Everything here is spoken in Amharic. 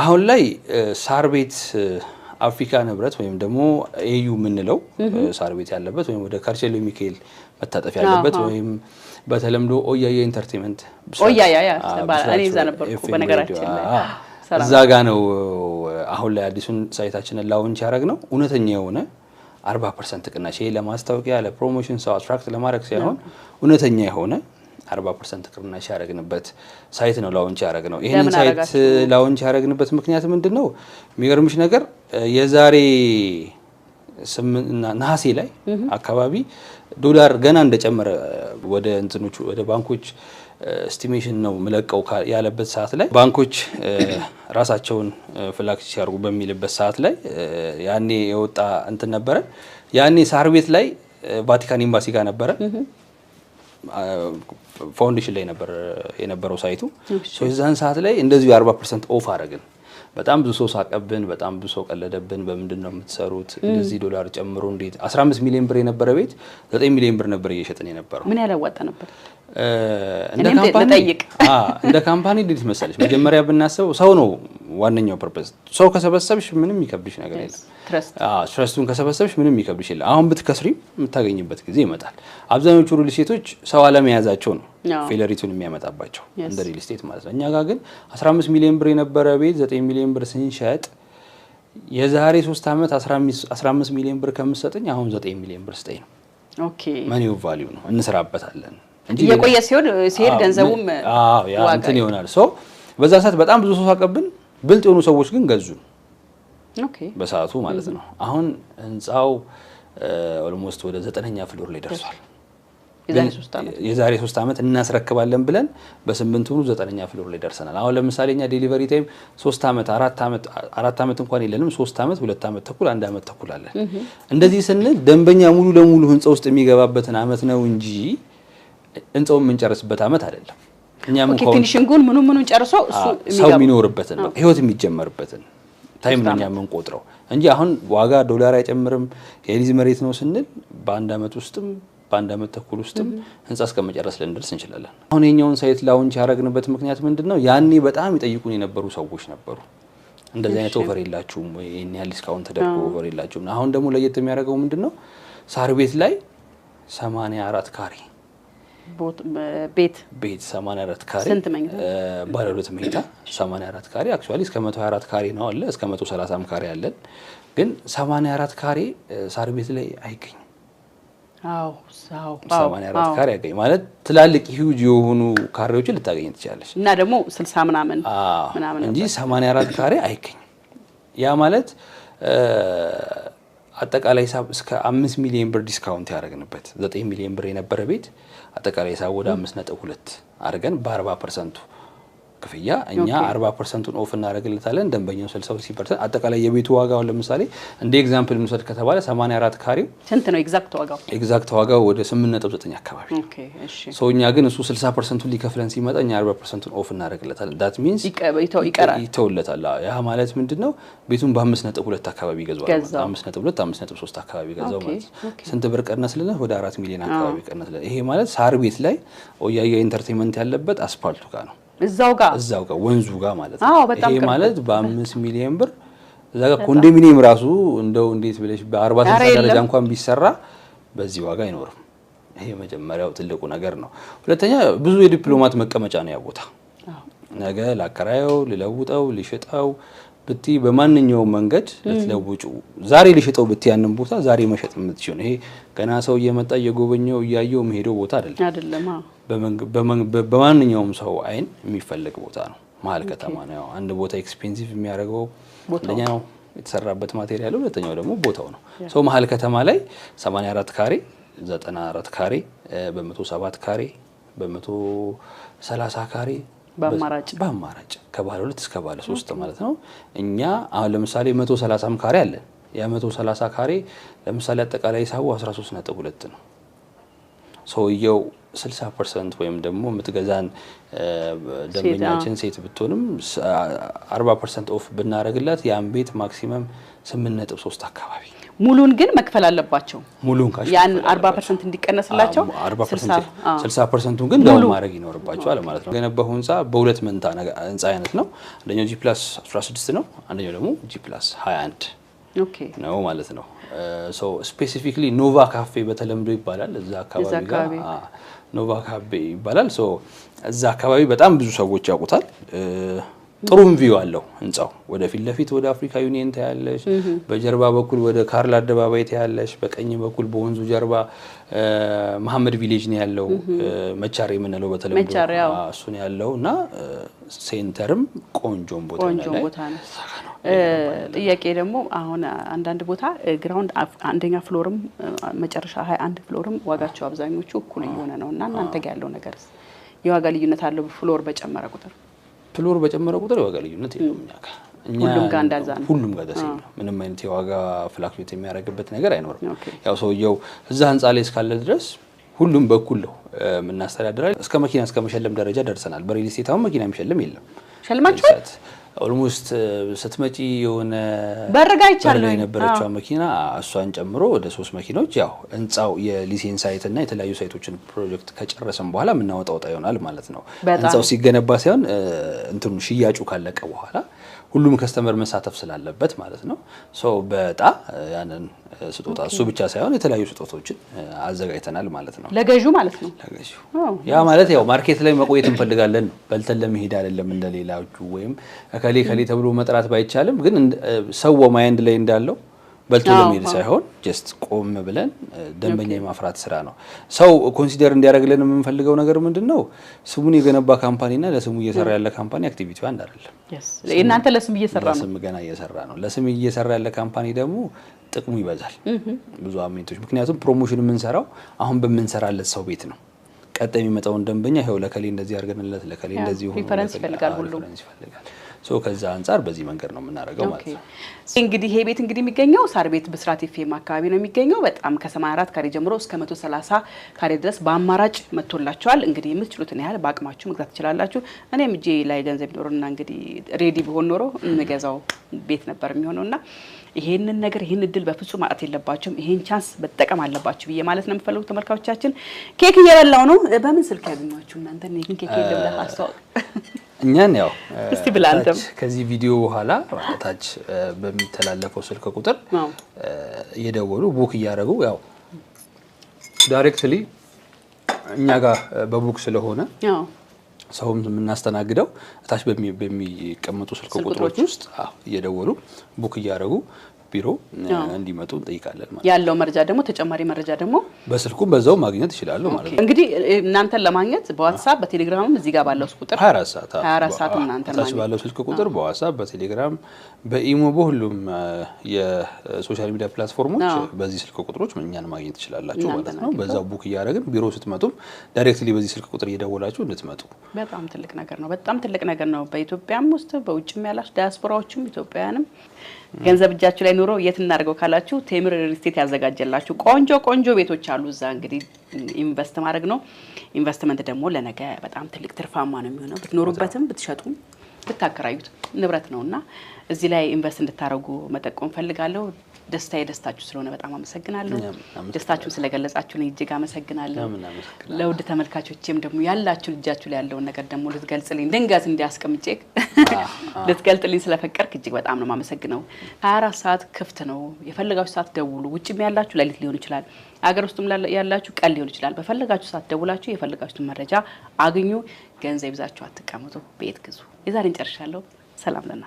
አሁን ላይ ሳር ቤት አፍሪካ ህብረት ወይም ደግሞ ኤዩ የምንለው ሳር ቤት ያለበት ወይም ወደ ካርቸሎ ሚካኤል መታጠፍ ያለበት ወይም በተለምዶ ኦያያ ኢንተርቴንመንት እዛ ጋ ነው አሁን ላይ አዲሱን ሳይታችንን ላውንች ነው። እውነተኛ የሆነ አርባ ፐርሰንት ቅናሽ ይሄ ለማስታወቂያ ለፕሮሞሽን ሰው አትራክት ለማድረግ ሳይሆን እውነተኛ የሆነ አርባ ፐርሰንት ቅናሽ ያደረግንበት ሳይት ነው ላውንች ያደረግነው። ይህንን ሳይት ላውንች ያደረግንበት ምክንያት ምንድን ነው? የሚገርምሽ ነገር የዛሬ ነሐሴ ላይ አካባቢ ዶላር ገና እንደጨመረ ወደ እንትኖቹ ወደ ባንኮች እስቲሜሽን ነው ምለቀው ያለበት ሰዓት ላይ ባንኮች ራሳቸውን ፍላክስ ሲያርጉ በሚልበት ሰዓት ላይ ያኔ የወጣ እንትን ነበረ። ያኔ ሳር ቤት ላይ ቫቲካን ኤምባሲ ጋር ነበረ ፋውንዴሽን ላይ ነበር የነበረው ሳይቱ። የዛን ሰዓት ላይ እንደዚሁ የ40 ፐርሰንት ኦፍ አረግን በጣም ብዙ ሰው ሳቀብን፣ በጣም ብዙ ሰው ቀለደብን። በምንድን ነው የምትሰሩት? እንደዚህ ዶላር ጨምሮ እንዴት 15 ሚሊዮን ብር የነበረ ቤት 9 ሚሊዮን ብር ነበር እየሸጥን የነበረው። ምን ያላዋጣ ነበር? እንደ ካምፓኒ እንዴት መሰለሽ፣ መጀመሪያ ብናስበው ሰው ነው ዋነኛው ፐርፐስ። ሰው ከሰበሰብሽ ምንም ይከብድሽ ነገር የለም። ትረስቱን ከሰበሰብሽ ምንም ይከብድሽ የለም። አሁን ብትከስሪም የምታገኝበት ጊዜ ይመጣል። አብዛኞቹ ሪል ሴቶች ሰው አለመያዛቸው ነው ፌለሪቱን የሚያመጣባቸው እንደ ሪል ስቴት ማለት ነው። እኛ ጋር ግን 15 ሚሊዮን ብር የነበረ ቤት 9 ሚሊዮን ብር ስንሸጥ የዛሬ ሶስት ዓመት 15 ሚሊዮን ብር ከምትሰጥኝ አሁን 9 ሚሊዮን ብር ስጠኝ ነው። ኦኬ መኒው ቫሊዩ ነው እንስራበታለን እንጂ የቆየ ሲሆን ሲሄድ ገንዘቡም አዎ ያ እንትን ይሆናል። ሶ በዛ ሰዓት በጣም ብዙ ሰው ሳቀብን። ብልጥ የሆኑ ሰዎች ግን ገዙ። ኦኬ በሰዓቱ ማለት ነው። አሁን ህንፃው ኦልሞስት ወደ ዘጠነኛ ፍሎር ላይ ደርሷል። የዛሬ ሶስት ዓመት እናስረክባለን ብለን በስምንት ሁኑ ዘጠነኛ ፍሎር ላይ ደርሰናል። አሁን ለምሳሌ እኛ ዴሊቨሪ ታይም ሶስት ዓመት አራት ዓመት እንኳን የለንም። ሶስት ዓመት፣ ሁለት ዓመት ተኩል፣ አንድ ዓመት ተኩል አለን። እንደዚህ ስንል ደንበኛ ሙሉ ለሙሉ ህንፃ ውስጥ የሚገባበትን ዓመት ነው እንጂ ህንፃው የምንጨርስበት ዓመት አይደለም። እኛም ፊኒሽንጉን ምኑ ምኑ ጨርሶ ሰው የሚኖርበትን ህይወት የሚጀመርበትን ታይም ነው እኛ የምንቆጥረው እንጂ አሁን ዋጋ ዶላር አይጨምርም የሊዝ መሬት ነው ስንል በአንድ ዓመት ውስጥም በአንድ አመት ተኩል ውስጥም ህንፃ መጨረስ ልንደርስ እንችላለን። አሁን የኛውን ሳይት ላውንች ያደረግንበት ምክንያት ምንድን ነው? ያኔ በጣም ይጠይቁን የነበሩ ሰዎች ነበሩ። እንደዚህ አይነት ኦቨር የላችሁም ወይ ይህን ያህል እስካሁን ተደርጎ ኦቨር የላችሁም። አሁን ደግሞ ለየት የሚያደርገው ምንድን ነው? ሳር ቤት ላይ ሰማንያ አራት ካሬ ቤት ቤት 84 ካሬ ባለ ሁለት መኝታ 84 ካሬ አክቹዋሊ እስከ 124 ካሬ ነው አለ እስከ 130 ካሬ አለን። ግን 84 ካሬ ሳር ቤት ላይ አይገኝም። ሰማንያ አራት ካሬ ያገኝ ማለት ትላልቅ ሂውጅ የሆኑ ካሬዎችን ልታገኝ ትችላለች እና ደግሞ ስልሳ ምናምን ምናምን እንጂ ሰማንያ አራት ካሬ አይገኝም። ያ ማለት አጠቃላይ ሂሳብ እስከ አምስት ሚሊዮን ብር ዲስካውንት ያደረግንበት ዘጠኝ ሚሊዮን ብር የነበረ ቤት አጠቃላይ ሂሳብ ወደ አምስት ነጥብ ሁለት አድርገን በአርባ ፐርሰንቱ ክፍያ እኛ 40 ፐርሰንቱን ኦፍ እናደርግለታለን። ደንበኛው 60 ፐርሰንት አጠቃላይ የቤቱ ዋጋ ለምሳሌ እንደ ኤግዛምፕል እንውሰድ ከተባለ 84 ካሬው ስንት ነው? ኤግዛክት ዋጋው ኤግዛክት ዋጋው ወደ 8.9 አካባቢ ነው። እኛ ግን እሱ 60 ፐርሰንቱን ሊከፍለን ሲመጣ እኛ 40 ፐርሰንቱን ኦፍ እናደርግለታለን። ዳት ሚንስ ይተውለታል። ያ ማለት ምንድን ነው? ቤቱን በ5.2 አካባቢ ይገዛዋል። 5.2 5.3 አካባቢ ገዛው ማለት ስንት ብር ቀነስልንህ? ወደ 4 ሚሊዮን አካባቢ ቀነስልንህ። ይሄ ማለት ሳር ቤት ላይ ኦያያ ኢንተርቴንመንት ያለበት አስፓልቱ ጋር ነው እዛው ጋር እዛው ጋር ወንዙ ጋር ማለት ነው። ይሄ ማለት በአምስት ሚሊዮን ብር እዛ ጋር ኮንዶሚኒየም ራሱ እንደው እንዴት ብለሽ በአርባ ደረጃ እንኳን ቢሰራ በዚህ ዋጋ አይኖርም። ይሄ የመጀመሪያው ትልቁ ነገር ነው። ሁለተኛ ብዙ የዲፕሎማት መቀመጫ ነው ያ ቦታ ነገ ላከራየው፣ ልለውጠው፣ ልሽጠው ብቲ በማንኛውም መንገድ ልትለውጩ ዛሬ ልሸጠው ብቲ ያንን ቦታ ዛሬ መሸጥ የምትችው ነው። ይሄ ገና ሰው እየመጣ እየጎበኘው እያየው የሚሄደው ቦታ አይደለም። በማንኛውም ሰው አይን የሚፈልግ ቦታ ነው። መሀል ከተማ ነው። አንድ ቦታ ኤክስፔንሲቭ የሚያደርገው አንደኛ ነው የተሰራበት ማቴሪያል፣ ሁለተኛው ደግሞ ቦታው ነው። ሰው መሀል ከተማ ላይ 84 ካሬ፣ 94 ካሬ፣ በ107 ካሬ፣ በ130 ካሬ በአማራጭ በአማራጭ ከባለ ሁለት እስከ ባለ ሶስት ማለት ነው። እኛ አሁን ለምሳሌ መቶ ሰላሳም ካሬ አለን። የመቶ ሰላሳ ካሬ ለምሳሌ አጠቃላይ ሂሳቡ 13 ነጥብ ሁለት ነው። ሰውየው 60 ፐርሰንት ወይም ደግሞ የምትገዛን ደንበኛችን ሴት ብትሆንም 40 ፐርሰንት ኦፍ ብናደርግላት ያን ቤት ማክሲመም 8 ነጥብ 3 አካባቢ ሙሉን ግን መክፈል አለባቸው። ሙሉን ካሽ ያን 40% እንዲቀነስላቸው 60% ግን ዳውን ማድረግ ይኖርባቸዋል ማለት ነው። የገነባው ህንጻ በሁለት መንታ ህንጻ አይነት ነው። አንደኛው G+16 ነው፣ አንደኛው ደግሞ G+21 ኦኬ ነው ማለት ነው። ሶ ስፔሲፊክሊ ኖቫ ካፌ በተለምዶ ይባላል እዛ አካባቢ ጋር ኖቫ ካፌ ይባላል። ሶ እዛ አካባቢ በጣም ብዙ ሰዎች ያውቁታል። ጥሩም ቪው አለው ህንፃው። ወደ ፊት ለፊት ወደ አፍሪካ ዩኒየን ታያለሽ፣ በጀርባ በኩል ወደ ካርል አደባባይ ታያለሽ፣ በቀኝ በኩል በወንዙ ጀርባ መሐመድ ቪሌጅ ነው ያለው፣ መቻር የምንለው በተለምዶ እሱ ነው ያለው እና ሴንተርም ቆንጆም ቦታ ነው። ጥያቄ ደግሞ አሁን አንዳንድ ቦታ ግራውንድ አንደኛ ፍሎርም መጨረሻ ሀያ አንድ ፍሎርም ዋጋቸው አብዛኞቹ እኩል እየሆነ ነው እና እናንተ ጋ ያለው ነገር የዋጋ ልዩነት አለው ፍሎር በጨመረ ቁጥር? ፍሎር በጨመረ ቁጥር የዋጋ ልዩነት የለውም እኛ ጋር ሁሉም ጋር እንዳዛ ነው። ሁሉም ጋር ደስ ይላል። ምንም አይነት የዋጋ ፍላክት የሚያደርግበት ነገር አይኖርም። ያው ሰውየው እዛ ህንፃ ላይ እስካለ ድረስ ሁሉም በኩል ነው የምናስተዳድራል። እስከ መኪና እስከ መሸለም ደረጃ ደርሰናል። በሪል ስቴት አሁን መኪና የሚሸልም የለም። ሸልማችኋል? ኦልሞስት ስትመጪ የሆነ በርጋ ይቻለሁ የነበረችዋ መኪና እሷን ጨምሮ ወደ ሶስት መኪኖች ያው ህንፃው የሊሴን ሳይት እና የተለያዩ ሳይቶችን ፕሮጀክት ከጨረሰን በኋላ የምናወጣውጣ ይሆናል ማለት ነው። ህንፃው ሲገነባ ሳይሆን እንትኑ ሽያጩ ካለቀ በኋላ ሁሉም ከስተመር መሳተፍ ስላለበት ማለት ነው። ሰው በጣ ያንን ስጦታ እሱ ብቻ ሳይሆን የተለያዩ ስጦታዎችን አዘጋጅተናል ማለት ነው። ለገዢው ማለት ነው። ለገዢው ያ ማለት ያው ማርኬት ላይ መቆየት እንፈልጋለን በልተን ለመሄድ አይደለም እንደሌላ ወይም ከሌ ከሌ ተብሎ መጥራት ባይቻልም ግን ሰው ማይንድ ላይ እንዳለው በልቶ ለመሄድ ሳይሆን ጀስት ቆም ብለን ደንበኛ የማፍራት ስራ ነው። ሰው ኮንሲደር እንዲያደርግልን የምንፈልገው ነገር ምንድን ነው? ስሙን የገነባ ካምፓኒና ለስሙ እየሰራ ያለ ካምፓኒ አክቲቪቲ አንድ አይደለም። እናንተ ለስም እየሰራ ነው፣ ለስም ገና እየሰራ ነው። ለስም እየሰራ ያለ ካምፓኒ ደግሞ ጥቅሙ ይበዛል፣ ብዙ አሜንቶች፣ ምክንያቱም ፕሮሞሽን የምንሰራው አሁን በምንሰራለት ሰው ቤት ነው። ቀጣይ የሚመጣውን ደንበኛ ይኸው ለከሌ እንደዚህ አድርገንለት፣ ለከሌ እንደዚህ ሆኖ ሪፈረንስ ይፈልጋል ከዛ አንጻር በዚህ መንገድ ነው የምናደርገው ማለት ነው። እንግዲህ ይሄ ቤት እንግዲህ የሚገኘው ሳር ቤት ብስራት ኤፍኤም አካባቢ ነው የሚገኘው። በጣም ከ84 ካሬ ጀምሮ እስከ 130 ካሬ ድረስ በአማራጭ መጥቶላቸዋል። እንግዲህ የምትችሉትን ያህል በአቅማችሁ መግዛት ትችላላችሁ። እኔም እጄ ላይ ገንዘብ ቢኖርና እንግዲህ ሬዲ ቢሆን ኖሮ የምገዛው ቤት ነበር የሚሆነውና ይሄንን ነገር ይህን እድል በፍጹም ማጣት የለባቸውም ይሄን ቻንስ መጠቀም አለባችሁ ብዬ ማለት ነው የምፈልጉ ተመልካቾቻችን። ኬክ እየበላው ነው። በምን ስልክ ያገኟችሁ እናንተ? ኬክ የለም አስተዋወቅ እኛን ያው እስቲ ብላንተም ከዚህ ቪዲዮ በኋላ ታች በሚተላለፈው ስልክ ቁጥር እየደወሉ ቡክ እያደረጉ ያው ዳይሬክትሊ እኛ ጋር በቡክ ስለሆነ ሰውም የምናስተናግደው እታች በሚቀመጡ ስልክ ቁጥሮች ውስጥ እየደወሉ ቡክ እያደረጉ ቢሮ እንዲመጡ እንጠይቃለን። ማለት ያለው መረጃ ደግሞ ተጨማሪ መረጃ ደግሞ በስልኩም በዛው ማግኘት ይችላሉ ማለት ነው። እንግዲህ እናንተን ለማግኘት በዋትሳፕ በቴሌግራምም እዚህ ጋር ባለው ቁጥር 24 ሰዓት እናንተን ማግኘት ባለው ስልክ ቁጥር በዋትሳፕ በቴሌግራም በኢሞ በሁሉም የሶሻል ሚዲያ ፕላትፎርሞች በዚህ ስልክ ቁጥሮች እኛን ማግኘት ትችላላችሁ ማለት ነው። በዛው ቡክ እያደረግን ቢሮ ስትመጡም ዳይሬክትሊ በዚህ ስልክ ቁጥር እየደወላችሁ እንድትመጡ በጣም ትልቅ ነገር ነው። በጣም ትልቅ ነገር ነው። በኢትዮጵያም ውስጥ በውጭም ያላችሁ ዳያስፖራዎችም ኢትዮጵያውያንም ገንዘብ እጃችሁ ላይ ኑሮ የት እናደርገው ካላችሁ ቴምር ሪልስቴት ያዘጋጀላችሁ ቆንጆ ቆንጆ ቤቶች አሉ። እዛ እንግዲህ ኢንቨስት ማድረግ ነው። ኢንቨስትመንት ደግሞ ለነገ በጣም ትልቅ ትርፋማ ነው የሚሆነው። ብትኖሩበትም ብትሸጡም ብታከራዩት ንብረት ነው እና እዚህ ላይ ኢንቨስት እንድታደርጉ መጠቆም ፈልጋለሁ። ደስታ የደስታችሁ ስለሆነ በጣም አመሰግናለሁ። ደስታችሁን ስለገለጻችሁ እጅግ አመሰግናለሁ። ለውድ ተመልካቾቼም ደግሞ ያላችሁ ልጃችሁ ላይ ያለውን ነገር ደግሞ ልትገልጽልኝ ድንገት እንዲያስቀምጬ ልትገልጥልኝ ስለፈቀድክ እጅግ በጣም ነው የማመሰግነው። አራት ሰዓት ክፍት ነው። የፈለጋችሁ ሰዓት ደውሉ። ውጭም ያላችሁ ሌሊት ሊሆን ይችላል፣ አገር ውስጥም ያላችሁ ቀን ሊሆን ይችላል። በፈለጋችሁ ሰዓት ደውላችሁ የፈለጋችሁትን መረጃ አግኙ። ገንዘብ ይዛችሁ አትቀምጡ፣ ቤት ግዙ። የዛሬን ጨርሻለሁ። ሰላም ለና